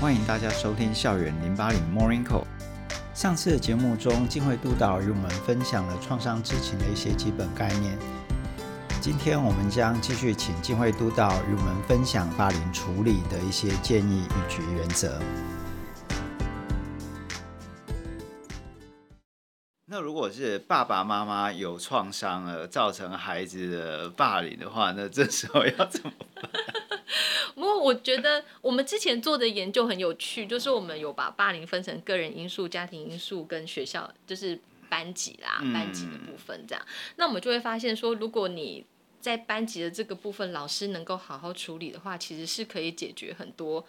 歡迎大家收聽《校園080 Morning Call》。上次節目中，靖惠督導與我們分享了創傷知情的一些基本概念。今天我們將繼續請靖惠督導與我們分享霸凌處理的一些建議與原則。那如果是爸爸媽媽有創傷而造成孩子的霸凌的話，那這時候要怎麼辦？ 我覺得我們之前做的研究很有趣，就是我們有把霸凌分成個人因素、家庭因素跟學校，就是班級啦、嗯、班級的部分這樣。那我們就會發現說，如果你在班級的這個部分，老師能夠好好處理的話，其實是可以解決很多。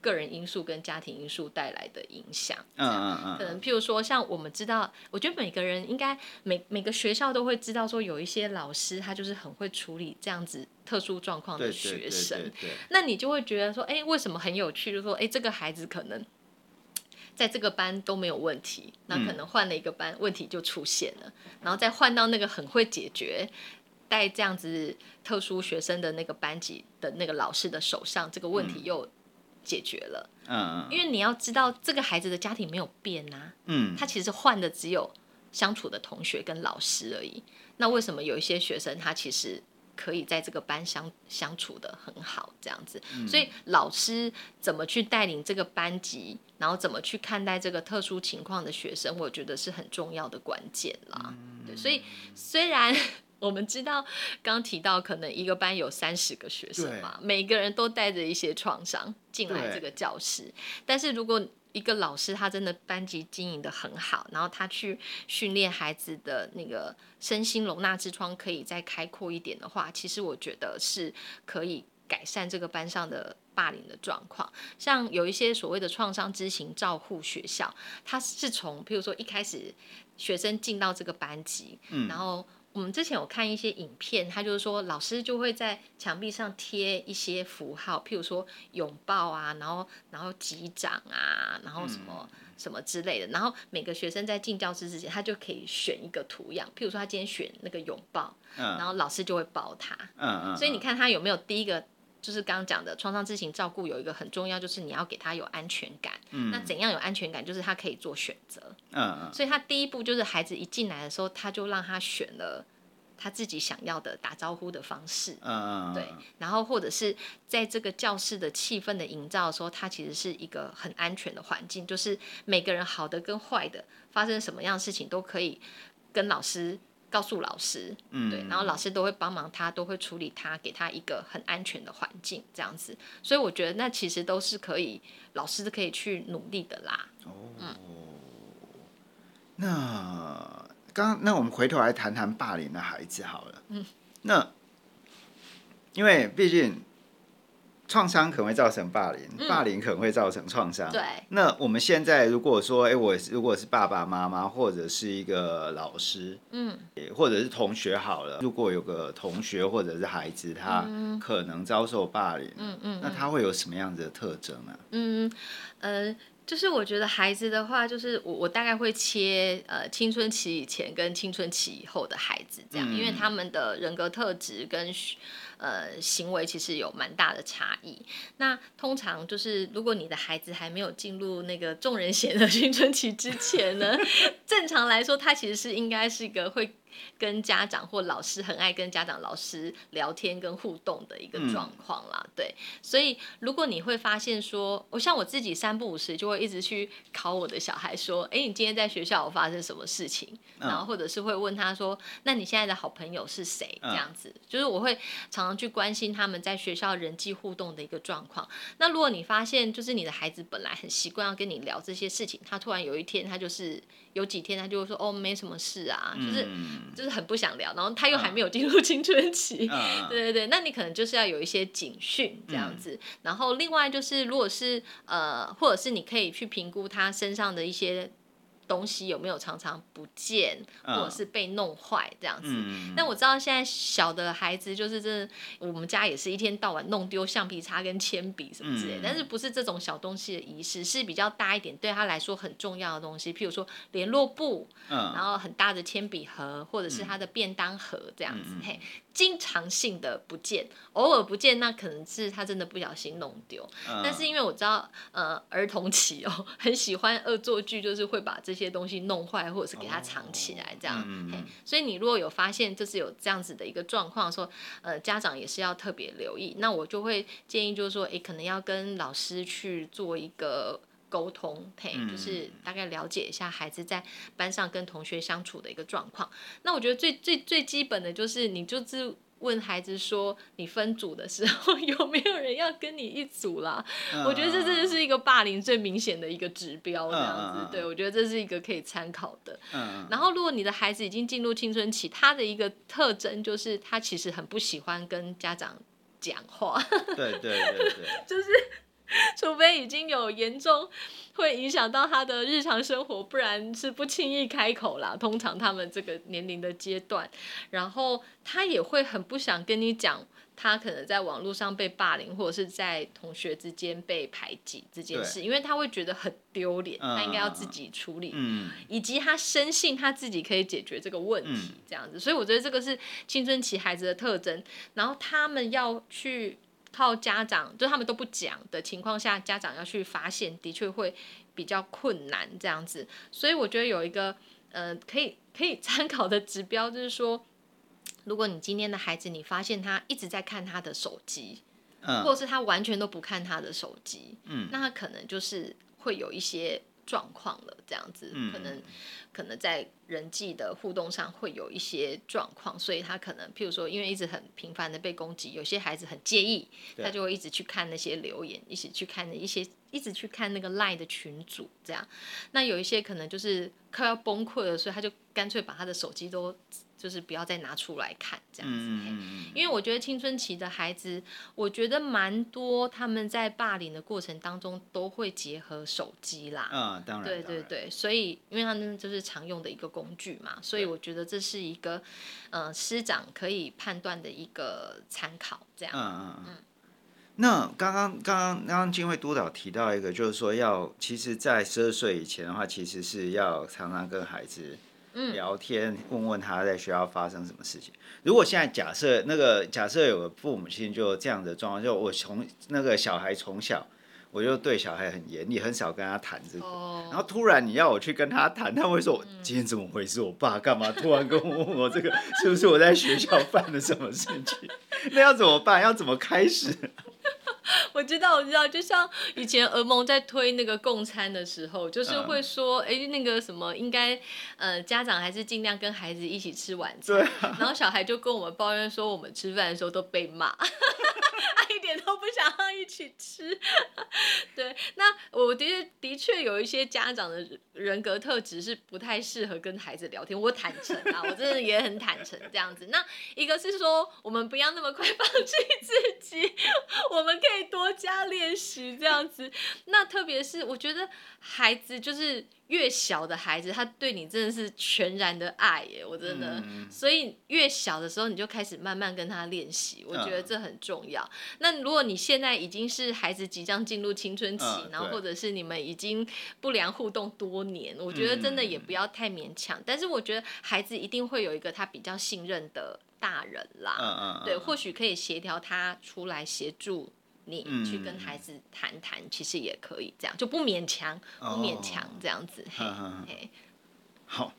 個人因素跟家庭因素帶來的影響，嗯、啊、嗯、啊啊啊、嗯，可能譬如說，像我們知道，我覺得每個人應該每每個學校都會知道，說有一些老師他就是很會處理這樣子特殊狀況的學生，對對對對，那你就會覺得說，哎、欸，為什麼很有趣？就是說，哎、欸，這個孩子可能在這個班都沒有問題，那可能換了一個班，嗯、問題就出現了，然後再換到那個很會解決帶這樣子特殊學生的那個班級的那個老師的手上，這個問題又、嗯。解決了，嗯，因為你要知道，這個孩子的家庭沒有變吶、啊，嗯，他其實換的只有相處的同學跟老師而已。那為什麼有一些學生他其實可以在這個班相相處得很好，這樣子？所以老師怎麼去帶領這個班級，然後怎麼去看待這個特殊情況的學生，我覺得是很重要的關鍵啦、嗯。對，所以雖然我們知道剛提到可能一個班有三十個學生嘛，每個人都帶着一些創傷。進來這個教室，但是如果一個老師他真的班級經營得很好，然後他去訓練孩子的那個身心容納之窗可以再開闊一點的話，其實我覺得是可以改善這個班上的霸凌的狀況。像有一些所謂的創傷知情照護學校，他是從，譬如說一開始學生進到這個班級，嗯，然後。我們之前有看一些影片，他就是說，老師就會在牆壁上貼一些符號，譬如說擁抱啊，然後然後擊掌啊，然後什麼、嗯、什麼之類的。然後每個學生在進教室之前，他就可以選一個圖樣，譬如說他今天選那個擁抱、嗯，然後老師就會抱他嗯嗯。嗯。所以你看他有沒有第一個？就是剛剛講的創傷知情照顧有一個很重要，就是你要給他有安全感。嗯。那怎樣有安全感？就是他可以做選擇。嗯。所以他第一步就是孩子一進來的時候，他就讓他選了他自己想要的打招呼的方式，嗯。對，然後或者是在這個教室的氣氛的營造的時候，他其實是一個很安全的環境，就是每個人好的跟壞的發生什麼樣的事情都可以跟老師。告訴老師，嗯，對，然後老師都會幫忙他，都會處理他，給他一個很安全的環境，這樣子。所以我覺得那其實都是可以，老師都可以去努力的啦。哦，嗯、那剛那我們回頭來談談霸凌的孩子好了。嗯，那因為畢竟。創傷可能會造成霸凌，霸凌可能會造成創傷。嗯，對，那我們現在如果說，哎，我如果是爸爸媽媽或者是一個老師，嗯，或者是同學好了，如果有個同學或者是孩子，他可能遭受霸凌，嗯嗯，那他會有什麼樣子的特徵呢？啊？嗯嗯。呃就是我覺得孩子的話，就是我我大概會切呃，青春期以前跟青春期以後的孩子這樣，嗯、因為他們的人格特質跟呃行為其實有蠻大的差異。那通常就是如果你的孩子還沒有進入那個眾人嫌的青春期之前呢， 正常來說他其實是應該是一個會。跟家長或老師很愛跟家長、老師聊天跟互動的一個狀況啦，嗯、對，所以如果你會發現說，我像我自己三不五時就會一直去考我的小孩說，哎、欸，你今天在學校有發生什麼事情？然後或者是會問他說，哦、那你現在的好朋友是誰？這樣子，就是我會常常去關心他們在學校人際互動的一個狀況。那如果你發現就是你的孩子本來很習慣要跟你聊這些事情，他突然有一天他就是有幾天他就會說，哦，沒什麼事啊，就是。嗯嗯就是很不想聊，然後他又還沒有進入青春期，啊、對對對，那你可能就是要有一些警訊這樣子，嗯、然後另外就是如果是呃，或者是你可以去評估他身上的一些。東西有沒有常常不見，或者是被弄壞這樣子？Uh, um, 那我知道現在小的孩子就是這，我們家也是一天到晚弄丟橡皮擦跟鉛筆什麼之類，uh, um, 但是不是這種小東西的儀式，是比較大一點對他來說很重要的東西，譬如說聯絡簿，uh, 然後很大的鉛筆盒，或者是他的便當盒這樣子。Uh, um, 嘿經常性的不見，偶爾不見，那可能是他真的不小心弄丟。Uh, 但是因為我知道，呃，兒童期哦，很喜歡惡作劇，就是會把這些東西弄壞，或者是給他藏起來這樣。Oh, um. 所以你如果有發現就是有這樣子的一個狀況，說呃家長也是要特別留意，那我就會建議就是說，誒，可能要跟老師去做一個。溝通，對，就是大概了解一下孩子在班上跟同學相處的一個狀況。嗯。那我覺得最最最基本的就是，你就是問孩子說，你分組的時候有沒有人要跟你一組啦？嗯。我覺得這真的是一個霸凌最明顯的一個指標，這樣子。嗯。對，我覺得這是一個可以參考的。嗯。然後，如果你的孩子已經進入青春期，他的一個特徵就是他其實很不喜歡跟家長講話。對對對對 就是。 除非已經有嚴重會影響到他的日常生活，不然是不輕易開口啦。通常他們這個年齡的階段，然後他也會很不想跟你講他可能在網絡上被霸凌，或者是在同學之間被排擠這件事，因為他會覺得很丟臉，他應該要自己處理。以及他深信他自己可以解決這個問題，這樣子。所以我覺得這個是青春期孩子的特徵，然後他們要去。靠家長，就他們都不講的情況下，家長要去發現，的確會比較困難這樣子。所以我覺得有一個呃，可以可以參考的指標，就是說，如果你今天的孩子，你發現他一直在看他的手機，或者是他完全都不看他的手機，那他可能就是會有一些。狀況了，這樣子可能可能在人際的互動上會有一些狀況，所以他可能，譬如說，因為一直很頻繁的被攻擊，有些孩子很介意，他就會一直去看那些留言，一起去看那一些，一直去看那個賴的群組。這樣。那有一些可能就是快要崩潰了，所以他就乾脆把他的手機都。就是不要再拿出來看這樣子，嗯，因為我覺得青春期的孩子，我覺得蠻多他們在霸凌的過程當中都會結合手機啦。啊、嗯，當然，對對對，所以因為他們就是常用的一個工具嘛，所以我覺得這是一個呃師長可以判斷的一個參考，這樣。嗯嗯嗯。那剛剛剛剛剛剛靖惠督導提到一個，就是說要，其實，在十二歲以前的話，其實是要常常跟孩子。聊天，問問他在學校發生什麼事情。如果現在假設那個假設有個父母親就這樣的狀況，就我從那個小孩從小我就對小孩很嚴厲，很少跟他談這個。哦、然後突然你要我去跟他談，他會說嗯嗯：“今天怎麼回事？我爸幹嘛突然跟我問我這個？ 是不是我在學校犯了什麼事情？那要怎麼辦？要怎麼開始？” 我知道，我知道，就像以前兒盟在推那個共餐的時候， 就是會說，哎，那個什麼，應該，呃，家長還是尽量跟孩子一起吃晚餐。對啊，然後小孩就跟我們抱怨說，我們吃飯的時候都被罵，一點。都不想要一起吃，對。那我的確的確有一些家長的人格特質是不太適合跟孩子聊天，我坦誠啊， 我真的也很坦誠這樣子。那一個是說，我們不要那麼快放棄自己，我們可以多加練習這樣子。那特別是我覺得孩子就是越小的孩子，他對你真的是全然的愛耶，我真的。嗯、所以越小的時候，你就開始慢慢跟他練習，我覺得這很重要。嗯、那如果如果你現在已經是孩子即將進入青春期，uh，然後或者是你們已經不良互動多年，我覺得真的也不要太勉強。嗯、但是我覺得孩子一定會有一個他比較信任的大人啦，uh, 對，或許可以協調他出來協助你去跟孩子談談，嗯、其實也可以這樣，就不勉強，不勉強這樣子。Oh, 嘿 uh, 嘿 uh, 好，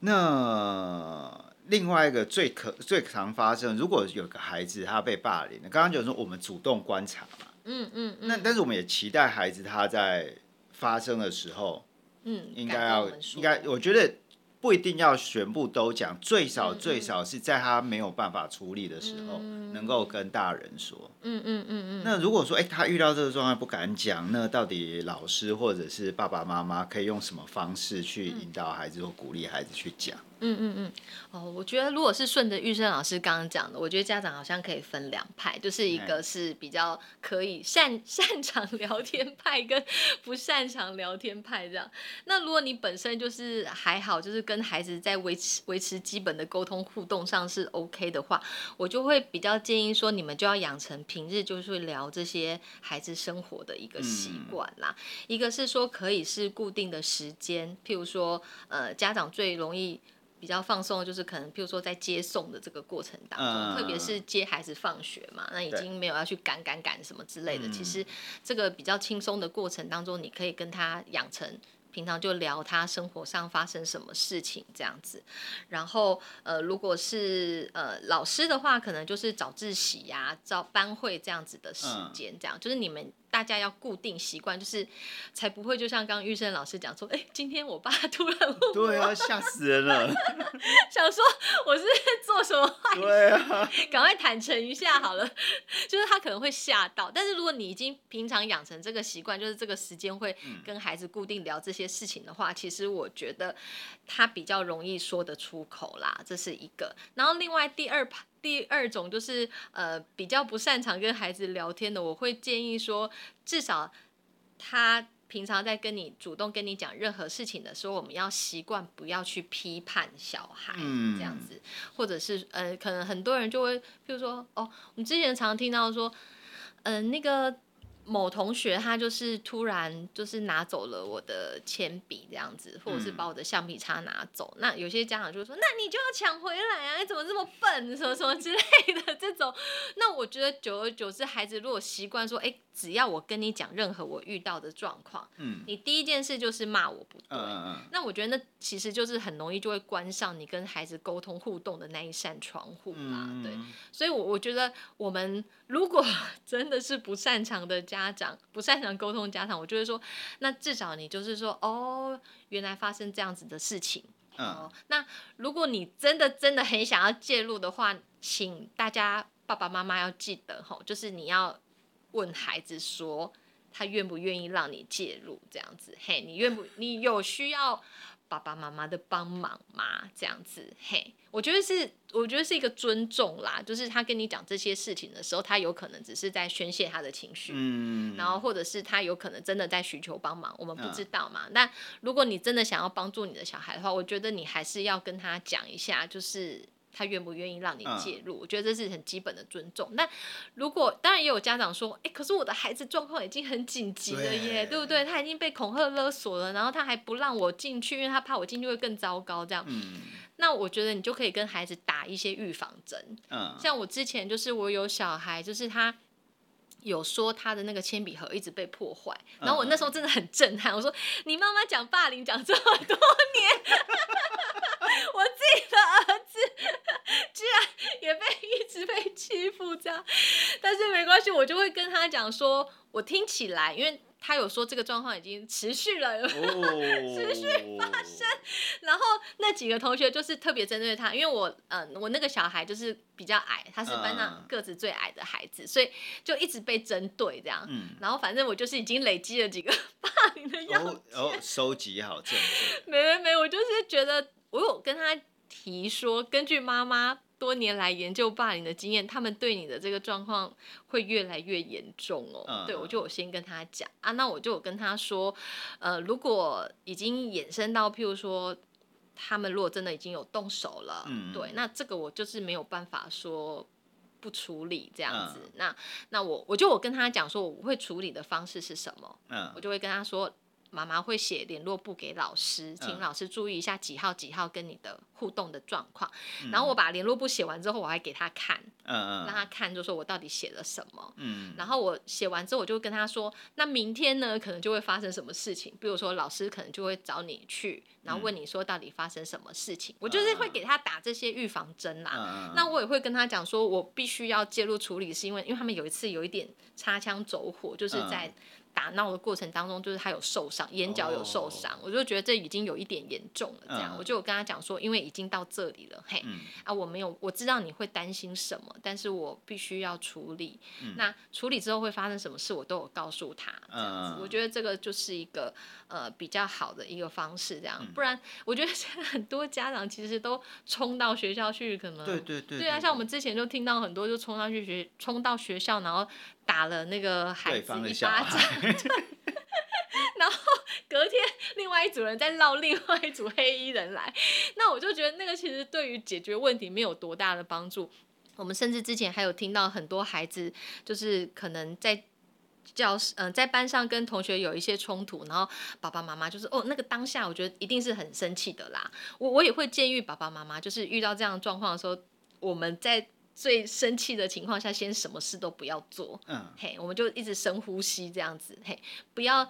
那。另外一個最可最常發生，如果有個孩子他被霸凌，剛剛就是說我們主動觀察嘛，嗯嗯，嗯，那但是我們也期待孩子他在發生的時候，嗯，應該要應該，我覺得不一定要全部都講，最少最少是在他沒有辦法處理的時候，嗯，能夠跟大人說，嗯嗯嗯嗯。那如果說哎，欸，他遇到這個狀況不敢講，那到底老師或者是爸爸媽媽可以用什麼方式去引導孩子或鼓勵孩子去講？嗯嗯嗯。嗯哦，我覺得如果是順着玉生老師剛剛講的，我覺得家長好像可以分兩派，就是一個是比較可以擅、擅長聊天派，跟不擅長聊天派這樣。那如果你本身就是還好，就是跟孩子在維持維持基本的溝通互動上是 OK 的話，我就會比較建議說，你們就要養成平日就是會聊這些孩子生活的一個習慣啦、嗯。一個是說可以是固定的時間，譬如說，呃，家長最容易。比較放鬆，就是可能譬如說在接送的這個過程當中，嗯、特別是接孩子放學嘛，那已經沒有要去趕趕趕什麼之類的、嗯。其實這個比較輕鬆的過程當中，你可以跟他養成平常就聊他生活上發生什麼事情這樣子。然後呃，如果是呃老師的話，可能就是早自習呀、啊、找班會這樣子的時間，這樣、嗯、就是你們。大家要固定習慣，就是才不會就像剛剛玉生老師講說，哎、欸，今天我爸突然對啊，嚇死人了， 想說我是做什麼壞事，趕、啊、快坦誠一下好了。就是他可能會嚇到，但是如果你已經平常養成這個習慣，就是這個時間會跟孩子固定聊這些事情的話，嗯、其實我覺得他比較容易說得出口啦，這是一個。然後另外第二 part。第二種就是呃比較不擅長跟孩子聊天的，我會建議說，至少他平常在跟你主動跟你講任何事情的時候，我們要習慣不要去批判小孩，這樣子，嗯、或者是呃可能很多人就會，譬如說哦，我們之前常聽到說，嗯、呃、那個。某同學他就是突然就是拿走了我的鉛筆這樣子，或者是把我的橡皮擦拿走。嗯、那有些家長就說：“那你就要搶回來啊！你怎麼這麼笨？什麼什麼之類的這種。”那我覺得久而久之，孩子如果習慣說：“誒、欸。只要我跟你講任何我遇到的狀況，嗯、你第一件事就是罵我不對、嗯，那我覺得那其實就是很容易就會關上你跟孩子溝通互動的那一扇窗戶嘛、啊嗯，對，所以我，我我覺得我們如果真的是不擅長的家長，不擅長溝通家長，我就會說，那至少你就是說，哦，原來發生這樣子的事情、嗯哦，那如果你真的真的很想要介入的話，請大家爸爸媽媽要記得哈、哦，就是你要。問孩子說，他願不願意讓你介入這樣子？嘿，你願不？你有需要爸爸媽媽的幫忙嗎？這樣子，嘿，我覺得是，我覺得是一個尊重啦。就是他跟你講這些事情的時候，他有可能只是在宣洩他的情緒，嗯，然後或者是他有可能真的在尋求幫忙，我們不知道嘛，嗯。那如果你真的想要幫助你的小孩的話，我覺得你還是要跟他講一下，就是。他願不願意讓你介入，嗯？我覺得這是很基本的尊重。那如果當然也有家長說：“哎，欸，可是我的孩子狀況已經很緊急了耶對，對不對？他已經被恐嚇勒索了，然後他還不讓我進去，因為他怕我進去會更糟糕。”這樣，嗯，那我覺得你就可以跟孩子打一些預防針，嗯。像我之前就是我有小孩，就是他有說他的那個鉛筆盒一直被破壞，然後我那時候真的很震撼。嗯，我說：“你媽媽講霸凌講這麼多年， 我自己的兒子。”居然也被一直被欺負這樣，但是沒關係，我就會跟他講說，我聽起來，因為他有說這個狀況已經持續了，oh. 有持續發生，然後那幾個同學就是特別針對他，因為我，嗯、呃，我那個小孩就是比較矮，他是班上個子最矮的孩子，嗯、所以就一直被針對這樣，然後反正我就是已經累積了幾個霸凌的樣，然、oh. 後、oh. 收集好證據，這樣沒沒沒，我就是覺得我有、哎、跟他。提說，根據媽媽多年來研究霸凌的經驗，他們對你的這個狀況會越來越嚴重哦、喔嗯。對，我就有先跟他講啊，那我就有跟他說，呃，如果已經衍生到，譬如說，他們如果真的已經有動手了、嗯，對，那這個我就是沒有辦法說不處理這樣子。嗯、那那我，我就我跟他講說，我會處理的方式是什麼？嗯，我就會跟他說。媽媽會寫聯絡簿給老師，請老師注意一下幾號幾號跟你的互動的狀況。嗯、然後我把聯絡簿寫完之後，我還給他看，嗯，讓他看，就說我到底寫了什麼，嗯。然後我寫完之後，我就跟他說，那明天呢，可能就會發生什麼事情？比如說老師可能就會找你去，然後問你說到底發生什麼事情。嗯、我就是會給他打這些預防針啦、啊嗯。那我也會跟他講說，我必須要介入處理，是因為因為他們有一次有一點擦槍走火，就是在、嗯。打鬧的過程當中，就是他有受傷，oh, 眼角有受傷，我就覺得這已經有一點嚴重了。這樣，嗯，我就跟他講說，因為已經到這裡了，嘿，嗯、啊，我沒有，我知道你會擔心什麼，但是我必須要處理，嗯。那處理之後會發生什麼事，我都有告訴他。這樣子，嗯，我覺得這個就是一個呃比較好的一個方式。這樣，不然我覺得現在很多家長其實都衝到學校去，可能對對對對，對啊，像我們之前就聽到很多就衝上去學，衝到學校，然後。打了那個孩子一巴掌， 然後隔天另外一組人再鬧，另外一組黑衣人來，那我就覺得那個其實對於解決問題沒有多大的幫助。我們甚至之前還有聽到很多孩子就是可能在教室、嗯、呃，在班上跟同學有一些衝突，然後爸爸媽媽就是哦，那個當下我覺得一定是很生氣的啦。我我也會建議爸爸媽媽，就是遇到這樣狀況的時候，我們在。最生氣的情況下，先什麼事都不要做，嗯，嘿，我們就一直深呼吸這樣子，嘿、hey，不要，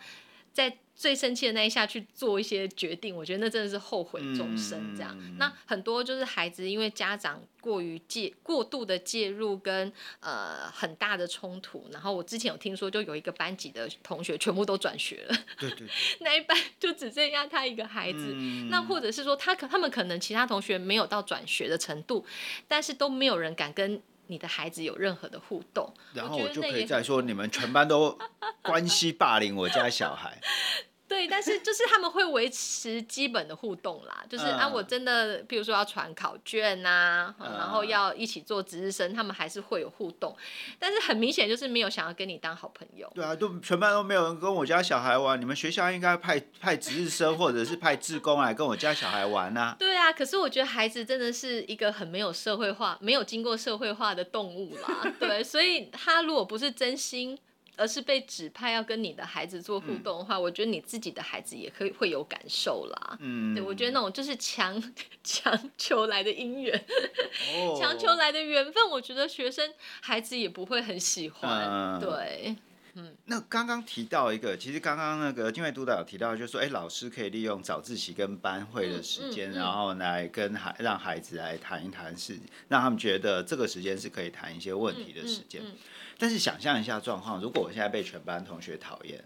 在最生氣的那一下去做一些決定，我覺得那真的是後悔終生。這樣、嗯，那很多就是孩子因為家長過於介過度的介入跟呃很大的衝突，然後我之前有聽說，就有一個班級的同學全部都轉學了，對對、對， 那一班就只剩下他一個孩子。嗯、那或者是說他可他們可能其他同學沒有到轉學的程度，但是都沒有人敢跟。你的孩子有任何的互動，然後我就可以再說，你們全班都關係霸凌我家小孩。 對，但是就是他們會維持基本的互動啦，就是、嗯、啊，我真的，譬如說要傳考卷吶、啊嗯哦，然後要一起做值日生，他們還是會有互動，但是很明顯就是沒有想要跟你當好朋友。對啊，都全班都沒有人跟我家小孩玩，你們學校應該派派值日生或者是派志工來跟我家小孩玩吶、啊。 對啊，可是我覺得孩子真的是一個很沒有社會化、沒有經過社會化的動物啦，對，所以他如果不是真心。 而是被指派要跟你的孩子做互動的話，嗯、我覺得你自己的孩子也可以會有感受啦。嗯，對，我覺得那種就是強強求來的姻緣、哦，強求來的緣分，我覺得學生孩子也不會很喜歡。嗯、對。嗯，那剛剛提到一個，其實剛剛那個靖惠督導有提到，就是說，哎、欸，老師可以利用早自習跟班會的時間、嗯嗯，然後來跟孩讓孩子來談一談事情，讓他們覺得這個時間是可以談一些問題的時間、嗯嗯嗯。但是想象一下狀況，如果我現在被全班同學討厭，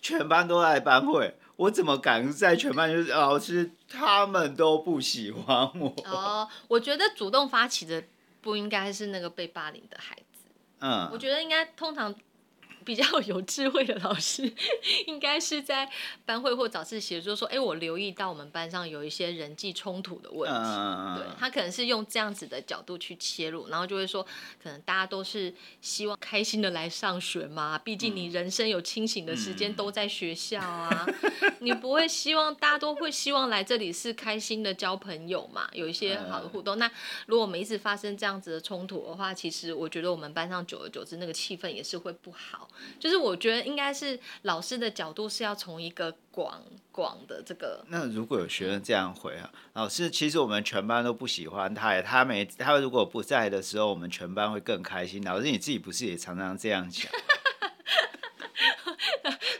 全班都在班會，我怎麼敢在全班？就是、嗯、老師他們都不喜歡我。哦，我覺得主動發起的不應該是那個被霸凌的孩子。嗯，我覺得應該通常。比較有智慧的老師，應該是在班會或早自習的時候說：“哎、欸，我留意到我們班上有一些人際衝突的問題。Uh... ”對，他可能是用這樣子的角度去切入，然後就會說：“可能大家都是希望開心的來上學嘛，畢竟你人生有清醒的時間都在學校啊，uh... 你不會希望大家都會希望來這裡是開心的交朋友嘛，有一些好的互動。Uh... 那如果我們一直發生這樣子的衝突的話，其實我覺得我們班上久而久之那個氣氛也是會不好。”就是我覺得應該是老師的角度是要從一個廣廣的這個。那如果有學生這樣回啊，嗯、老師，其實我們全班都不喜歡他，他沒他如果不在的時候，我們全班會更開心。老師你自己不是也常常這樣講？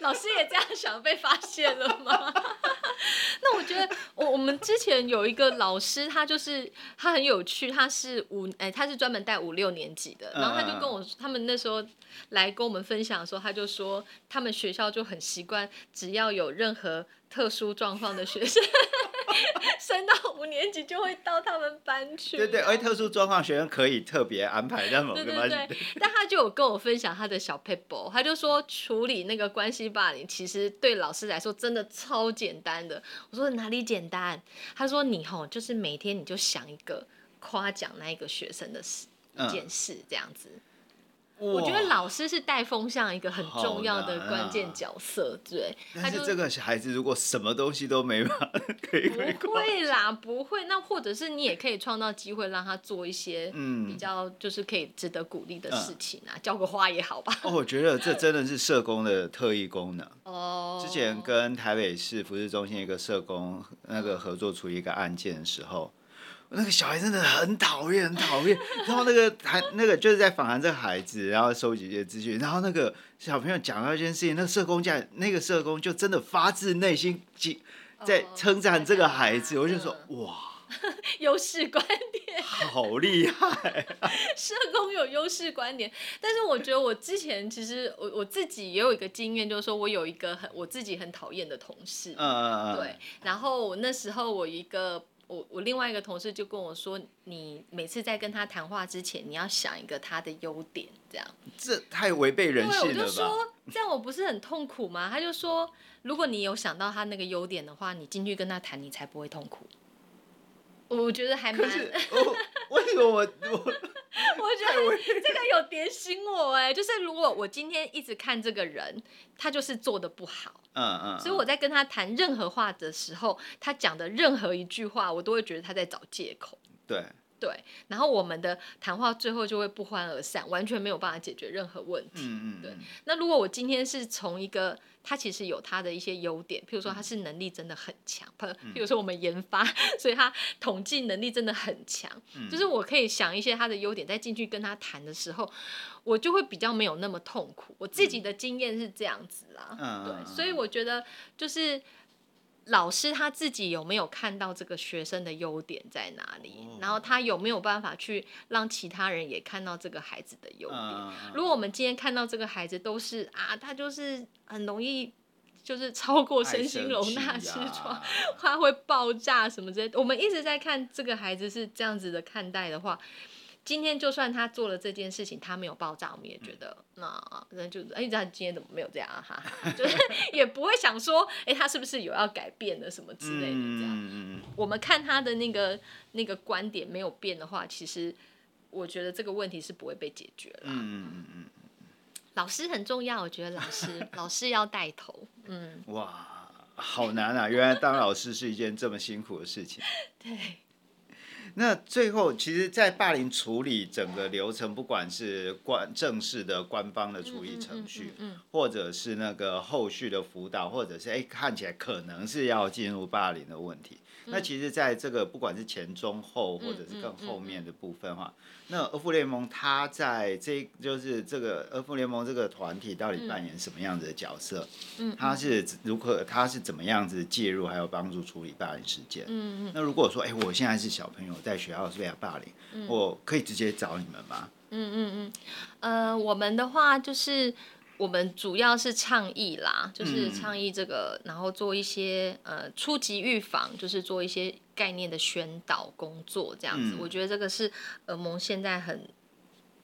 老師也這樣想被發現了嗎？ 那我覺得，我我們之前有一個老師，他就是他很有趣，他是五、欸、他是專門帶五六年級的，然後他就跟我他們那時候來跟我們分享的時候，他就說他們學校就很習慣，只要有任何特殊狀況的學生。 升到五年級就會到他們班去， 對，對對，而特殊狀況學生可以特別安排在某個班。但他就有跟我分享他的小撇步，他就說處理那個關係霸凌，其實對老師來說真的超簡單的。我說哪裡簡單？他說你吼就是每天你就想一個誇獎那一個學生的事一件事，嗯、這樣子。我覺得老師是帶風向一個很重要的關鍵角色，哦啊、對。但是這個小孩子如果什麼東西都沒辦法可以不會啦， 不會。那或者是你也可以創造機會讓他做一些，嗯，比較就是可以值得鼓勵的事情啊，澆、嗯、個花也好吧。哦，我覺得這真的是社工的特異功能。哦。之前跟台北市福祉中心一個社工那個合作出一個案件的時候。嗯那個小孩真的很討厭，很討厭。 然後那個還那個就是在訪談這個孩子，然後收集一些資訊。然後那個小朋友講到一件事情，那個社工家那個社工就真的發自內心在稱讚這個孩子。Oh, 我就說，uh, 哇， 優勢觀點， 好厲害， 社工有優勢觀點。但是我覺得我之前其實我我自己也有一個經驗，就是說我有一個很我自己很討厭的同事。嗯嗯嗯。對。Uh, uh. 然後我那時候我一個。我我另外一個同事就跟我說，你每次在跟他談話之前，你要想一個他的優點，這樣。這太違背人性了，我就說，這樣我不是很痛苦嗎？他就說，如果你有想到他那個優點的話，你進去跟他談，你才不會痛苦。我覺得還蠻…… 哦、為什麼我我？我， 我覺得這個有點醒我哎、欸，就是如果我今天一直看這個人，他就是做得不好，嗯，嗯嗯，所以我在跟他談任何話的時候，他講的任何一句話，我都會覺得他在找借口，對。對，然後我們的談話最後就會不歡而散，完全沒有辦法解決任何問題。嗯嗯、對。那如果我今天是從一個他其實有他的一些優點，譬如說他是能力真的很強、嗯，譬如說我們研發，所以他統計能力真的很強、嗯。就是我可以想一些他的優點，再進去跟他談的時候，我就會比較沒有那麼痛苦。我自己的經驗是這樣子啦。嗯、對、嗯，所以我覺得就是。老師他自己有沒有看到這個學生的優點在哪裡？然後他有沒有辦法去讓其他人也看到這個孩子的優點、嗯？如果我們今天看到這個孩子都是啊，他就是很容易就是超過身心容納之窗、啊呵呵，他會爆炸什麼之類的，我們一直在看這個孩子是這樣子的看待的話。今天就算他做了這件事情，他沒有爆炸，我們也覺得那那、嗯啊、就哎，你知道今天怎麼沒有這樣啊？哈哈，就是也不會想說，哎，他是不是有要改變的什麼之類的？這樣，嗯嗯嗯我們看他的那個那個觀點沒有變的話，其實我覺得這個問題是不會被解決了。嗯嗯嗯嗯，老師很重要，我覺得老師老師要帶頭。嗯，哇，好難啊！原來當老師是一件這麼辛苦的事情。 對。那最後，其實，在霸凌處理整個流程，不管是官正式的官方的處理程序，嗯嗯嗯嗯，或者是那個後續的輔導，或者是哎、欸，看起來可能是要進入霸凌的問題。嗯、那其實，在這個不管是前中後，或者是更後面的部分哈、嗯嗯嗯，那兒福聯盟他在這就是這個兒福聯盟這個團體到底扮演什麼樣子的角色？嗯，嗯他是如何？他是怎麼樣子介入還有幫助處理霸凌事件？嗯,嗯那如果說，哎、欸，我現在是小朋友，在學校是被霸凌、嗯，我可以直接找你們嗎？嗯嗯嗯，呃，我們的話就是。我們主要是倡議啦，就是倡議這個，嗯、然後做一些呃初級預防，就是做一些概念的宣導工作這樣子。嗯、我覺得這個是兒盟現在很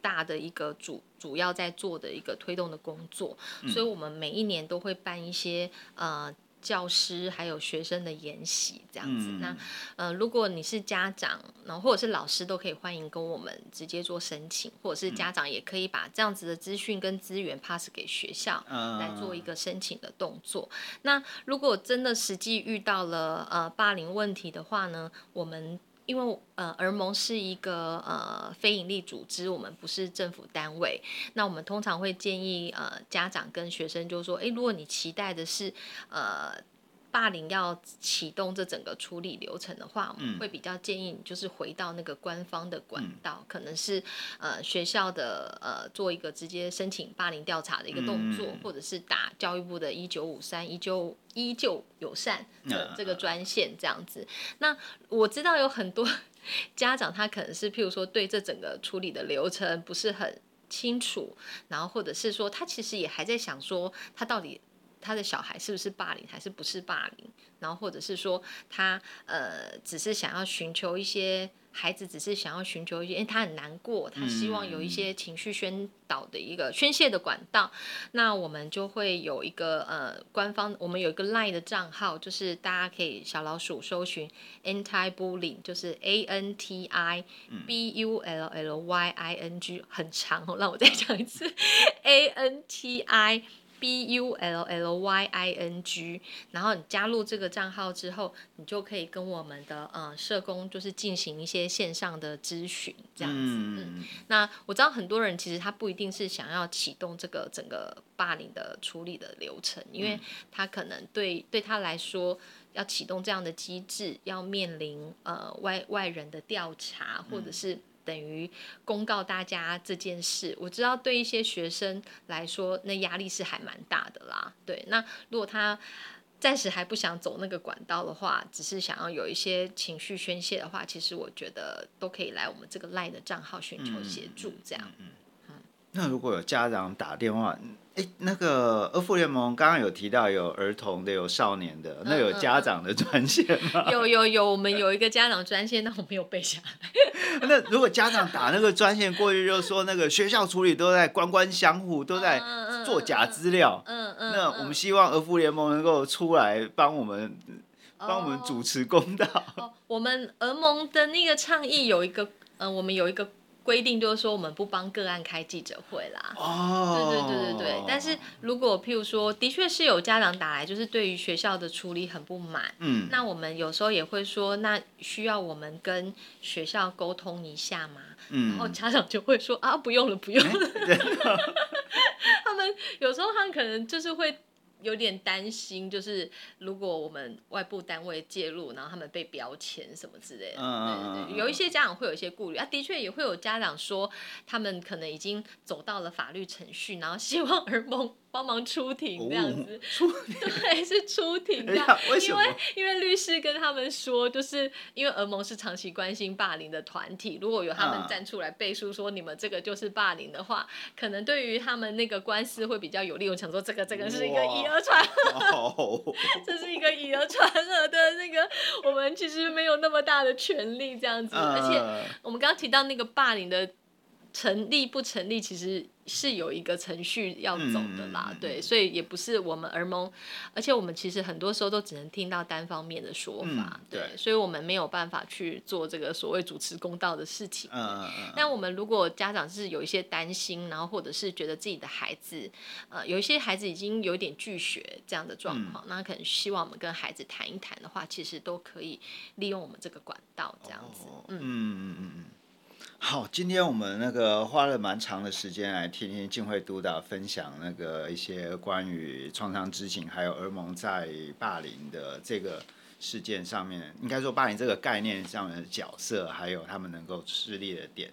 大的一個主主要在做的一個推動的工作，所以我們每一年都會辦一些呃。教師還有學生的研習這樣子，嗯、那呃，如果你是家長，然後或者是老師，都可以歡迎跟我們直接做申請，或者是家長也可以把這樣子的資訊跟資源 pass 給學校，來做一個申請的動作，嗯。那如果真的實際遇到了呃霸凌問題的話呢，我們。因為呃，兒盟是一個呃非營利組織，我們不是政府單位，那我們通常會建議呃家長跟學生就是說，誒，如果你期待的是呃。霸凌要啟動這整個處理流程的話，我會比較建議你就是回到那個官方的管道，嗯、可能是呃學校的呃做一個直接申請霸凌調查的一個動作，嗯，或者是打教育部的一九五三依舊依舊友善這這個專線這樣子、啊。那我知道有很多家長他可能是譬如說對這整個處理的流程不是很清楚，然後或者是說他其實也還在想說他到底。他的小孩是不是霸凌，還是不是霸凌？然後或者是說他，他呃，只是想要尋求一些孩子，只是想要尋求一些，因為他很難過，他希望有一些情緒宣導的一個宣泄的管道。嗯、那我們就會有一個呃，官方我們有一個 Line 的賬號，就是大家可以小老鼠搜尋 Anti Bullying，就是 A N T I B U L L Y I N G、嗯、很長哦，讓我再講一次、嗯、 A N T I。B U L L Y I N G，然後你加入這個賬號之後，你就可以跟我們的呃社工，就是進行一些線上的諮詢這樣子、嗯嗯。那我知道很多人其實他不一定是想要啟動這個整個霸凌的處理的流程，因為他可能對、嗯、對他來說，要啟動這樣的機制，要面臨呃外外人的調查，或者是。等於公告大家這件事，我知道對一些學生來說，那壓力是還蠻大的啦。對，那如果他暫時還不想走那個管道的話，只是想要有一些情緒宣洩的話，其實我覺得都可以來我們這個 line 的賬號尋求協助。這樣嗯嗯，嗯，那如果有家長打電話。哎，那個兒福聯盟剛剛有提到有兒童的、有少年的，嗯、那有家長的專線嗎？嗯嗯嗯。有有有，我們有一個家長專線， 那我沒有背下來。那如果家長打那個專線過去， 就是說那個學校處理都在官官相護、嗯，都在作假資料。嗯嗯，嗯。那我們希望兒福聯盟能夠出來幫我們，嗯、幫我們主持公道。哦哦、我們兒盟的那個倡議有一個，嗯，我們有一個。規定就是說，我們不幫個案開記者會啦。哦。對對對對對。但是，如果譬如說，的確是有家長打來，就是對於學校的處理很不滿。嗯。那我們有時候也會說，那需要我們跟學校溝通一下嘛。嗯。然後家長就會說：“啊，不用了，不用了。欸” 他們有時候他們可能就是會。有點擔心，就是如果我們外部單位介入，然後他們被標籤什麼之類的，對對對，有一些家長會有一些顧慮。啊，的確也會有家長說，他們可能已經走到了法律程序，然後希望兒盟。幫忙出庭這樣子，哦、出庭對，是出庭這樣，哎、為因為因為律師跟他們說，就是因為兒盟是長期關心霸凌的團體，如果有他們站出來背書說你們這個就是霸凌的話，嗯、可能對於他們那個官司會比較有利。我想說，這個這個是一個以訛傳訛，這是一個以訛傳訛的那個、哦，我們其實沒有那麼大的權利這樣子，嗯、而且我們剛剛提到那個霸凌的。成立不成立，其實是有一個程序要走的啦，嗯、對，所以也不是我們兒盟，而且我們其實很多時候都只能聽到單方面的說法、嗯對，對，所以我們沒有辦法去做這個所謂主持公道的事情。嗯、呃、那我們如果家長是有一些擔心，然後或者是覺得自己的孩子，呃、有一些孩子已經有點拒學這樣的狀況，嗯、那可能希望我們跟孩子談一談的話，其實都可以利用我們這個管道這樣子。嗯嗯嗯嗯。嗯好，今天我們那個花了蠻長的時間來聽聽靖惠督導分享那個一些關於創傷知情，還有兒盟在霸凌的這個事件上面，應該說霸凌這個概念上面的角色，還有他們能夠施力的點。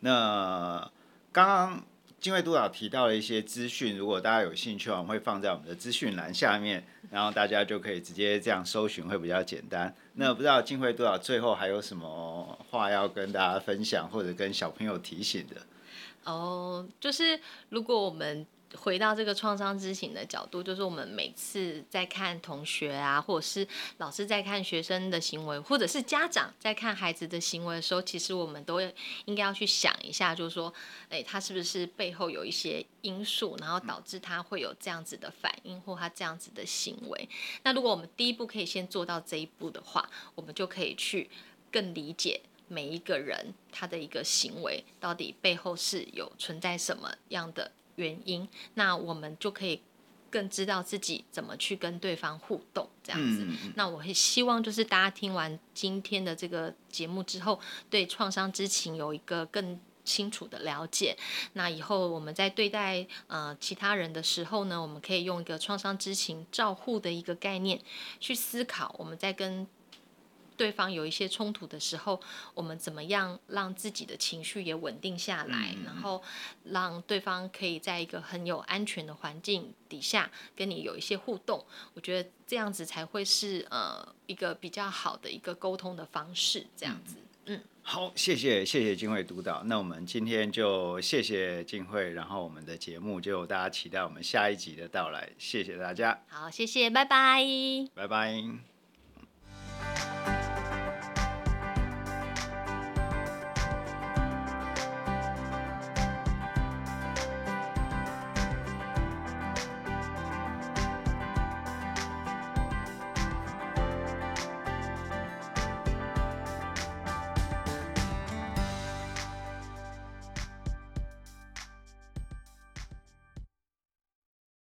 那剛剛靖惠督導提到了一些資訊，如果大家有興趣的話，我們會放在我們的資訊欄下面。然後大家就可以直接這樣搜尋，會比較簡單。那不知道靖惠督導，最後還有什麼話要跟大家分享，或者跟小朋友提醒的？哦，就是如果我們。回到這個創傷知情的角度，就是我們每次在看同學啊，或者是老師在看學生的行為，或者是家長在看孩子的行為的時候，其實我們都應該要去想一下，就是說，誒、哎，他是不是背後有一些因素，然後導致他會有這樣子的反應，或他這樣子的行為。那如果我們第一步可以先做到這一步的話，我們就可以去更理解每一個人他的一個行為到底背後是有存在什麼樣的。原因，那我們就可以更知道自己怎麼去跟對方互動，這樣子。那我也希望就是大家聽完今天的這個節目之後，對創傷知情有一個更清楚的了解。那以後我們在對待呃其他人的時候呢，我們可以用一個創傷知情照護的一個概念去思考，我們在跟。對方有一些衝突的時候，我們怎麼樣讓自己的情緒也穩定下來、嗯，然後讓對方可以在一個很有安全的環境底下跟你有一些互動？我覺得這樣子才會是呃一個比較好的一個溝通的方式。這樣子，嗯，好，謝謝謝謝靖惠督導，那我們今天就謝謝靖惠，然後我們的節目就大家期待我們下一集的到來，謝謝大家。好，謝謝，拜拜，拜拜。